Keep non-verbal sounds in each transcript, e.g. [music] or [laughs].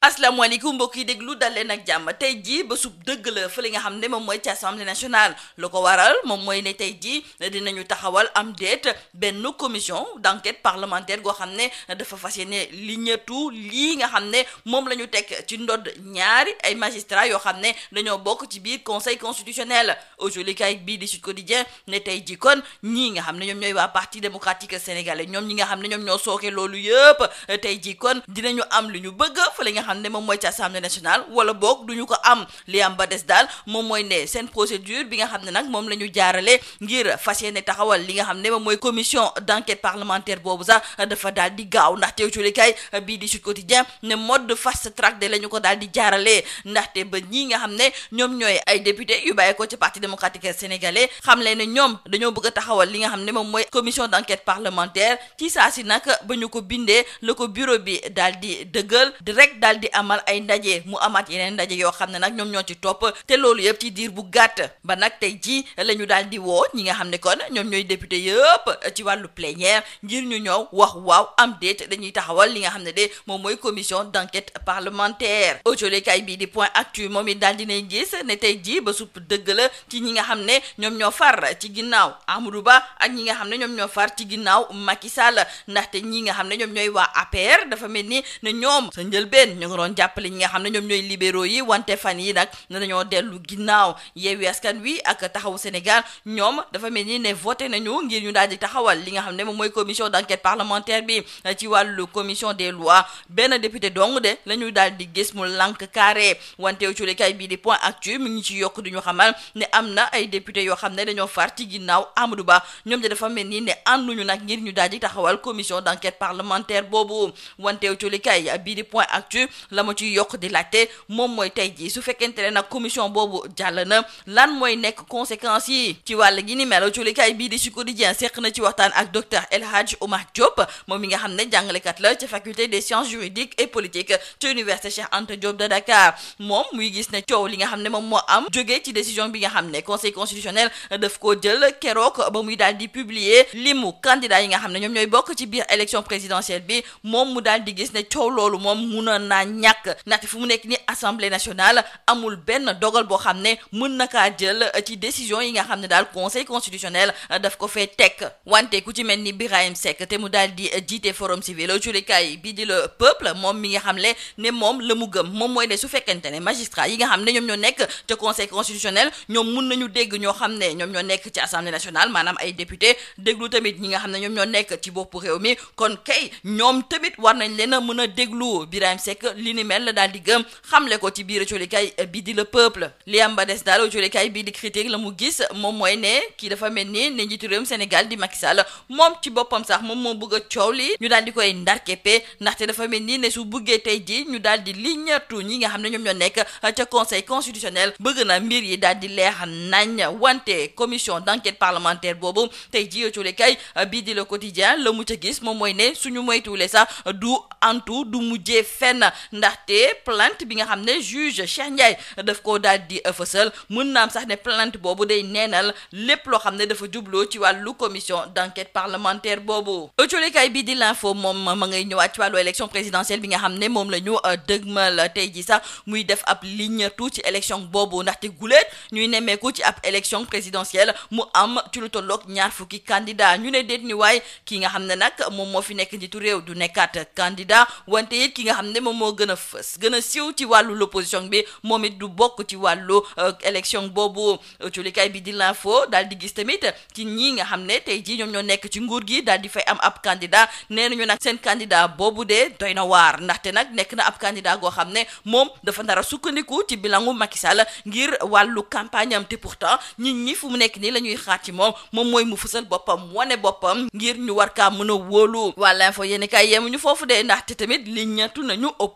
asalaamaaleykum mbokk yi déglu dal leen ak jàmm tey jii bésub dëgg la fa fële nga xam ne moom mooy ci assemblée nationale lu ko waral moom mooy ne tey jii dina ñu taxawal am déet benn commission d' enquête parlementaire goo xam ne dafa fas ne li ñëtu lii nga xam ne moom la ñu teg ci ndodd ñaari ay magistrats yoo xam ne dañoo bokk ci biir conseil constitutionnel aujourd'hui kay bii di Sud Quotidien ne tey jii kon ñii nga xam ne ñoom ñooy waa parti démocratique sénégalais ñoom ñi nga xam ne ñoom ñoo sooke loolu yëpp tey jii kon dinañu am lu ñu bëgg fële xam ne moom mooy ci assemblée nationale wala boog duñu ko des daal moom mooy ne seen procédure bi nga xam ne nag moom la ñu jaarale ngir fas yéene taxawal li nga xam ne moom mooy commission d'enquête parlementaire boobu sax dafa daal di gaaw ndaxte culikay bii di Sud Quotidien ne mode fast track de la ñu ko daal di jaaralee ndaxte ba ñi nga xam ne ñoom ñooy ay député yu bàyyi ko ci parti démocratique sénégalais xam leen ne ñoom dañoo bëgg a li nga xam ne moom mooy commission d'enquête parlementaire ci saa si nag ba ñu ko bindee la ko bureau bi daal di dëggal direct daal daal di amal ay ndaje mu amaat yeneen ndaje yoo xam ne nag ñoom ñoo ci topp te loolu yëpp ci diir bu gàtt ba nag tey ji la ñu daal di woo ñi nga xam ne kon ñoom ñooy député yëpp ci wàllu plénière ngir ñu ñëw wax waaw am déet dañuy taxawal li nga xam ne de moom mooy commission d'enquête parlementaire aujourd'hui kay bii di point actu moom it daal dinay gis ne tey ji ba supp dëgg la ci ñi nga xam ne ñoom ñoo far ci ginnaaw Amadou Ba ak ñi nga xam ne ñoom ñoo far ci ginnaaw Macky Sall ndaxte ñi nga xam ne ñoom ñooy waa APR dafa mel ñu ngi doon jàppale ñi nga xam ne ñoom ñooy libéraux yi wante fan yi nag ne dañoo dellu ginnaaw yeewi askan wi ak taxawu Sénégal ñoom dafa mel ni ne voté nañu ngir ñu daal di taxawal li nga xam ne moom mooy commission d' enquête parlementaire bi ci wàllu commission des lois benn député di gis mu lànk carré wante ci kay bii mi ngi ci yokk di ñu xamal ne yoo xam ne dañoo far ci ginnaaw Amadou Ba ñoom de dafa mel ni ne ànduñu nag ngir di taxawal commission d' enquête parlementaire boobu wante ci kay bii di point actu la yokk di laajte moom mooy tey jii su fekkente ne nag commission boobu jàll na lan mooy nekk conséquences yi ci wàll gi ni mel julikaay bii di si quotidien seq na ci waxtaan ak docteur El Hadj Oumar Diop moom mi nga xam ne jàngalekat la ci faculté des sciences juridiques et politiques ci université Cheikh Anta Diop de muy gis ne coow li nga xam ne moom moo am jógee ci décision bi nga xam ne conseil constitutionnel daf ko jël keroog ba muy dal di li mu candidat yi nga xam ne ñoom ñooy bokk ci biir élection présidentielle bi moom mu daal di gis ne coow loolu moom ñàkk ndaxte fu mu nekk ni assemblée nationale amul benn dogal boo xam ne mën na kaa jël ci décision yi nga xam ne daal conseil constitutionnel daf ko fee teg wante ku ci mel ni Birahim Seck te mu daal di jiite forum civil julikaay bi di la peuple moom mi nga xam le ne moom la mu gëm moom mooy ne su fekkente ne magistrat yi nga xam ne ñoom ñoo nekk te conseil constitutionnel ñoom mun nañu dégg ñoo xam ne ñoom ñoo nekk ci assemblée nationale maanaam ay député déglu tamit ñi nga xam ne ñoom ñoo nekk ci bopp réew mi kon kay ñoom tamit war nañ leen a mën a déglu li ni mel la daal di gëm xamle ko ci biir colikay bi di le peuple li am ba des daal colikay bii di critique la mu gis moom mooy ne kii dafa mel ni ne njiitu réewum Sénégal di Macky Sall moom ci boppam sax moom moo bëgg a coow li ñu daal di koy ndarkepe ndaxte dafa mel ni ne su buggee tey ji ñu daal di liñatu ñi nga xam ne ñoom ñoo nekk ca conseil constitutionnel bëgg na mbir yi daal di leer nañ wante commission d'enquête parlementaire boobu tey ji colikay bii di le quotidien la mu ca gis moom mooy ne suñu moytuwulee sax du antu du mujjee fenn ndaxte plainte bi nga xam ne juge Cheikh Ndiaye daf koo daal di fësal mun naam sax ne plainte boobu day neenal lépp loo xam ne dafa jubloo ci wàllu commission d'enquête parlementaire boobu ëcolikaay bi di l'info moom ma ngay ñëwaat ci wàllu élection présidentielle bi nga xam ne moom la ñu euh, dëgmal tey ji sax muy def ab ligne ci élection boobu ndaxte guléet ñuy nemmeeku ci ab élection présidentielle mu am ci lu ñaar fukki candidat ñu ne déet ni waay ki nga xam ne nag moom moo fi nekk njiitu réew du nekkaat candidat wante it ki nga xam ne moom moo gën a fës gën a siiw ci wàllu l'opposition bi moom it du bokk ci wàllu euh, élection boobu euh, culikaay bi di l'info daal di gis tamit ci ñii nga xam ne tey jii ñoom ñoo nekk ci nguur gi dal di fay am ab candidat nee nañu nag seen candidat boobu de doy na waar ndaxte nag nekk na ab candidat goo xam ne moom dafa nar a sukkandiku ci bilangu Macky Sall ngir wàllu campagne am te pourtant nit ñi fu mu nekk nii la xaar ci moom moom mooy mu fësal boppam wane boppam ñu war kaa mën a wóolu waa l'info yéen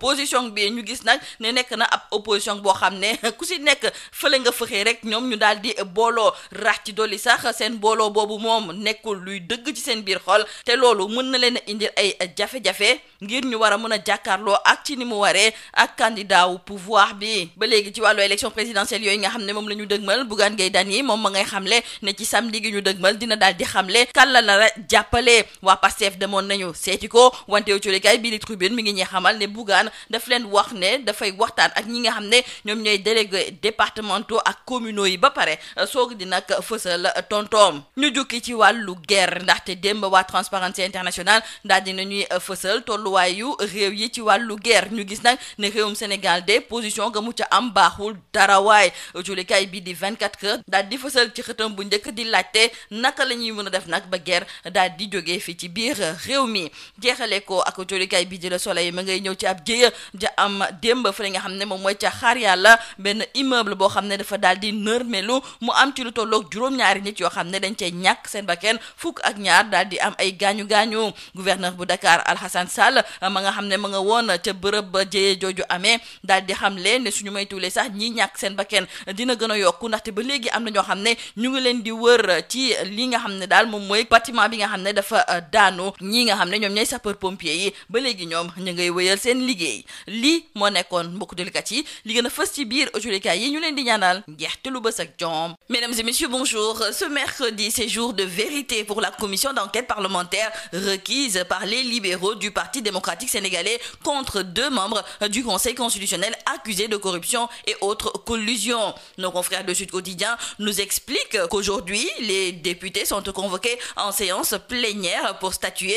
opposition bi ñu gis nag ne nekk na ab opposition boo xam ne [laughs] ku si nekk fële nga fëxee rek ñoom ñu daal di booloo rax ci dolli sax seen booloo boobu moom nekkul luy dëgg ci seen biir xol te loolu mën na leen a ay jafe-jafe ngir ñu war a mën a jàkkaarloo ak ci ni mu waree ak candidat wu pouvoir bi ba léegi ci wàllu élection présidentielle yooyu nga xam ne moom la ñu dëgmal gay Gueye Dany moom ma ngay xamle ne ci samedi gi ñu dëgmal dina daal di xamle kan la nar a jàppale waa Pastef demoon nañu seeti ko wante wu ci kay ngi ñuy xamal ne Bougane def leen wax ne dafay waxtaan ak ñi nga xam ne ñoom ñooy délégué départementaux ak communaux yi ba pare euh, soog di nag fësal tontoom ñu jukki ci wàllu guerre ndaxte démb waa Transparency International daal dina ñuy euh, fësal tolluwaayu réew yi ci wàllu guerre ñu gis nag ne réewum Sénégal de position nga mu ca am baaxul dara waay julikaay bi di 24 heures daal di fësal ci xëtam bu njëkk di laajte naka la ñuy mën a def nag ba guerre daal di jógee fii ci biir réew mi jeexale ko ak julikaay bi di Le Soleil ma ngay ñëw ci ab tey ja am démb fa li nga xam ne moom mooy ca xaar yàlla benn immeuble boo xam ne dafa daal di nërmelu mu am ci lu tolloog juróom-ñaari nit yoo xam ne dañ cee ñàkk seen bakkan fukk ak ñaar daal di am ay gaañu gaañu bu Dakar Alhassane Sall uh, ma nga xam ne ma nga woon ca bërëb ba jëyee jooju amee daal di xam leen ne suñu moytuwulee sax ñi ñàkk seen bakkan dina gën a yokku ba léegi am na ñoo xam ne ñu ngi leen di wër ci li nga xam ne daal moom mooy bâtiment bi nga xam ne dafa uh, daanu ñii nga xam ne ñoom ñooy sapeur pompier yi ba léegi ñoom ñu ngay wéyal seen liggéey liggéey lii moo li gën a fës ci biir autolikaay yi ñu leen mesdames et messieurs bonjour ce mercredi c'est de vérité pour la commission d'enquête parlementaire requise par les libéraux du parti démocratique sénégalais contre deux membres du conseil constitutionnel accusés de corruption et autres collusions nos confrères de Sud Quotidien nous expliquent qu'aujourd'hui les députés sont convoqués en séance plénière pour statuer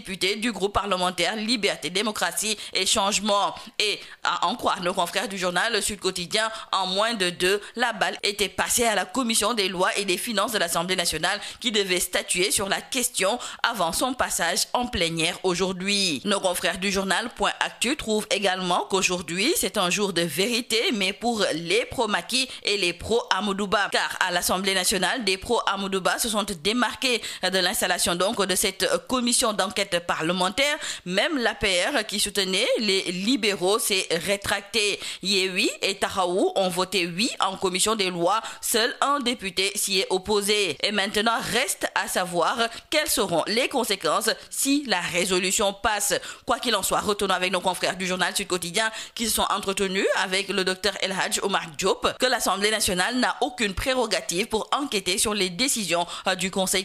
députés du groupe parlementaire Liberté, Démocratie et Changement. Et à en croire nos confrères du journal Sud Quotidien, en moins de deux, la balle était passée à la commission des lois et des finances de l'Assemblée nationale qui devait statuer sur la question avant son passage en plénière aujourd'hui. Nos confrères du journal trouvent également qu'aujourd'hui, c'est un jour de vérité, mais pour les pro-Maki et les pro-Amoudouba. Car à l'Assemblée nationale, d'enquête parlementaire. Même l'APR qui soutenait les libéraux s'est rétracté. Yehui et Tahaou ont voté oui en commission des lois. Seul un député s'y est opposé. Et maintenant, reste à savoir quelles seront les conséquences si la résolution passe. Quoi qu'il en soit, retournons avec nos confrères du journal Sud Quotidien qui se sont entretenus avec le docteur El Hadj Omar Diop que l'Assemblée nationale n'a aucune prérogative pour enquêter sur les décisions euh, du Conseil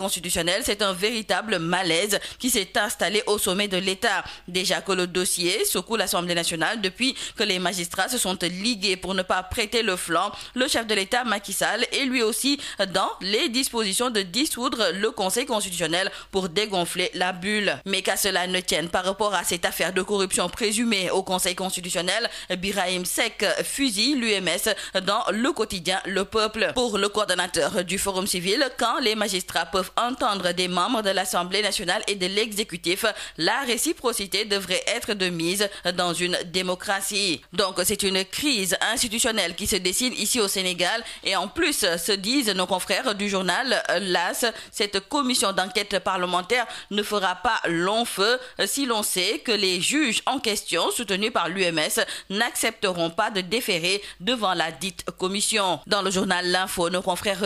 constitutionnel, c'est un véritable malaise qui s'est installé au sommet de l'État. Déjà que le dossier secoue l'Assemblée nationale depuis que les magistrats se sont ligués pour ne pas prêter le flanc, le chef de l'État Macky Sall lui aussi dans les dispositions de dissoudre le Conseil constitutionnel pour dégonfler la bulle. Mais qu'à cela ne tienne par rapport à cette affaire de corruption présumée au Conseil constitutionnel, Birahim Sek fusille l'UMS dans le quotidien peuvent entendre des membres de l'Assemblée nationale et de l'exécutif, la réciprocité devrait être de mise dans une démocratie. Donc c'est une crise institutionnelle qui se dessine ici au Sénégal et en plus se disent nos confrères du journal LAS, cette commission d'enquête parlementaire ne fera pas long feu si l'on sait que les juges en question soutenus par l'UMS n'accepteront pas de déférer devant la dite commission. Dans le journal L'Info, nos confrères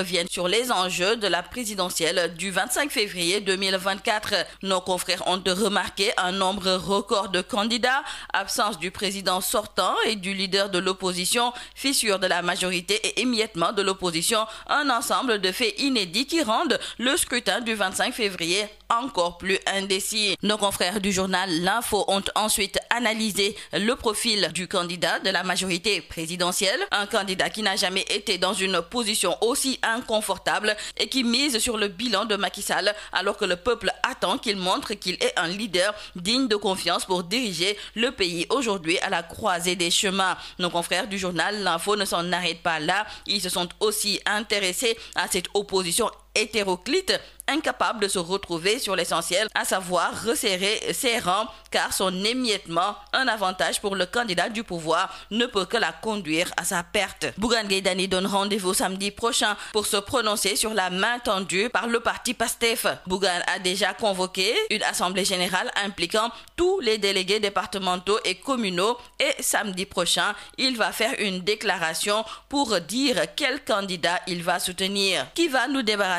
du 25 février 2024. Nos confrères ont remarqué un nombre record de candidats, absence du président sortant et du leader de l'opposition, fissure de la majorité et émiettement de l'opposition, un ensemble de faits inédits qui rendent le scrutin du février encore plus indécis. Nos confrères du journal L'Info ont ensuite analyser le profil du candidat de la majorité présidentielle, un candidat qui n'a jamais été dans une position aussi inconfortable et qui mise sur le bilan de Macky Sall alors que le peuple attend qu'il montre qu'il est un leader digne de confiance pour diriger le pays aujourd'hui à la croisée des chemins. Nos confrères du journal L'Info ne s'en arrêtent pas là, ils se sont aussi intéressés à cette opposition hétéroclite, incapable de se retrouver sur l'essentiel, à savoir resserrer ses rangs, car son émiettement, un avantage pour le candidat du pouvoir, ne peut que la conduire à sa perte. Bougan Gaydani donne rendez-vous samedi prochain pour se prononcer sur la main tendue par le parti PASTEF. Bougan a déjà convoqué une assemblée générale impliquant tous les délégués départementaux et communaux et samedi prochain, il va faire une déclaration pour dire quel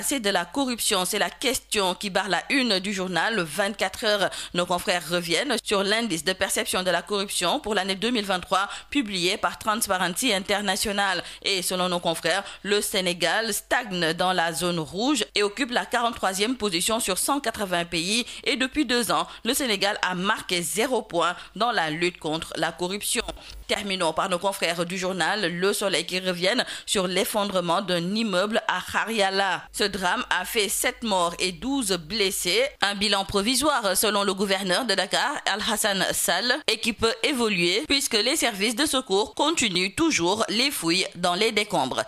c'est de la corruption. C'est la question qui barre la une du journal. 24 heures, nos confrères reviennent sur l'indice de perception de la corruption pour l'année 2023 publié par Transparency International. Et selon nos confrères, le Sénégal dans la zone rouge et occupe la 43e position sur 180 pays et depuis deux ans, le Sénégal a marqué zéro point dans la contre la corruption. Terminons par nos confrères du journal Le Soleil à Khariala. Ce drame a et 12 blessés, un bilan provisoire selon le gouverneur de Dakar, Al-Hassan Sall, et qui les services de secours continuent les fouilles dans les décombres.